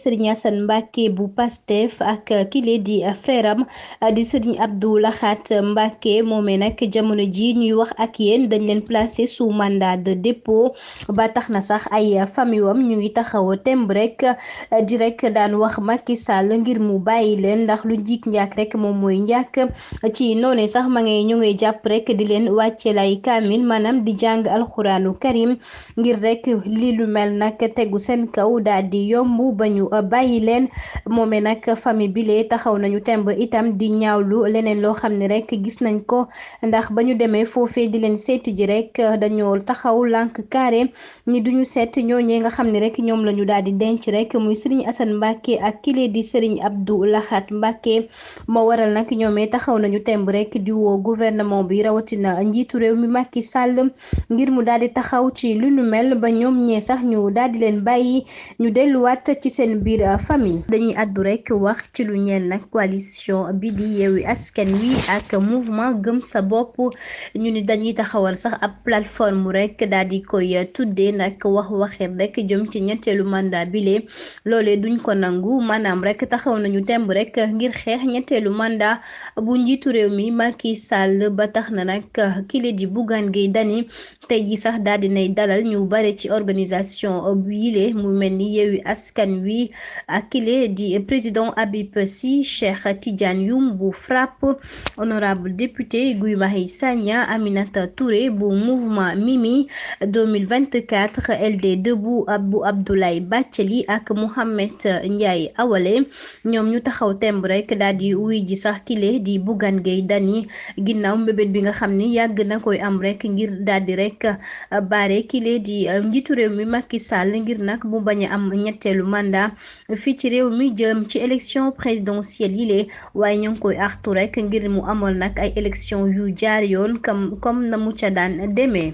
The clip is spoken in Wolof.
sëriñ Assane Mbacke bu Pastef ak kile di frère am di sëriñ Abdou Lahat Mbacke moomee nag jamono ji ñuy wax ak yéen dañ leen placé sous mandat de dépôt ba tax na sax ay famille ñu ngi taxaw temb rek di rek daan wax Macky Sall ngir mu bàyyi leen ndax lu jiig njaak rek moom mooy njaak ci noone sax ma ngay ñu jàpp rekk di leen wàcce lay kaamil maanaam di jàng alxuraanu karim ngir rek li lu mel nag tegu seen kaw daal di yomb ba ñu bàyyi leen moomee nag famille bile taxaw nañu temb itam di ñaawlu leneen loo xam ne rek gis nañ ko ndax ba ñu demee foofee di leen seeti ji rek dañoo taxaw lànk carré ñi duñu seet ñooñee nga xam ne rek ñoom la ñu daal di denc rek muy Serigne Assane Mbacke ak kile di Serigne Abdou laxaat Mbacke ma waral nag ñoomee taxaw nañu temb rek diwoo woo bi rawatina njiitu réew mi Macky Sall ngir mu daal di taxaw ci lu ñu mel ba ñoom ñee sax ñu daal leen bàyyi biir euh, famille dañuy àddu rek wax ci lu ñeel nag coalition bi di yeewi askan wi ak mouvement gëm sa bopp ñu ni dañuy taxawal sax ab plateforme rekk daal di koy euh, tuddee nag wax waxeet rekk jëm ci ñetteelu mandat bi lee loolee duñ ko nangu maanaam rek taxaw nañu temb rek ngir xeex ñetteelu mandat bu njiitu réew mi Macky Sall ba tax na nag kile di Bougane Gueye Dany tey ji sax daal di nay dalal ñu bare ci organisation bi mu mel ni yeewi askan wi akile di euh, président Habib Sy Cheikh Tidiane Youm bu FRAPP honorable député Guy Marius Sagna Aminata Touré bu mouvement Mimi 2024 LD Debout bu Abdoulaye Bathily ak Mohamed Ndiaye Awale ñoom ñu taxaw temb rekk daal di wuy ji sax kile di Bougane Gueye ginnaaw mbébét bi nga xam ni yàgg na koy am rekk ngir daal di rek euh, baare kile di euh, njiitu réew mi Macky Sall ngir nag mu bañ a am ñetteelu mandat fii ci réew mi jëm ci élection présidentielle yi lee waaye ñoo ngi koy artu rekk ngir mu amal nag ay élection yu jaar yoon comme na mu ca daan demee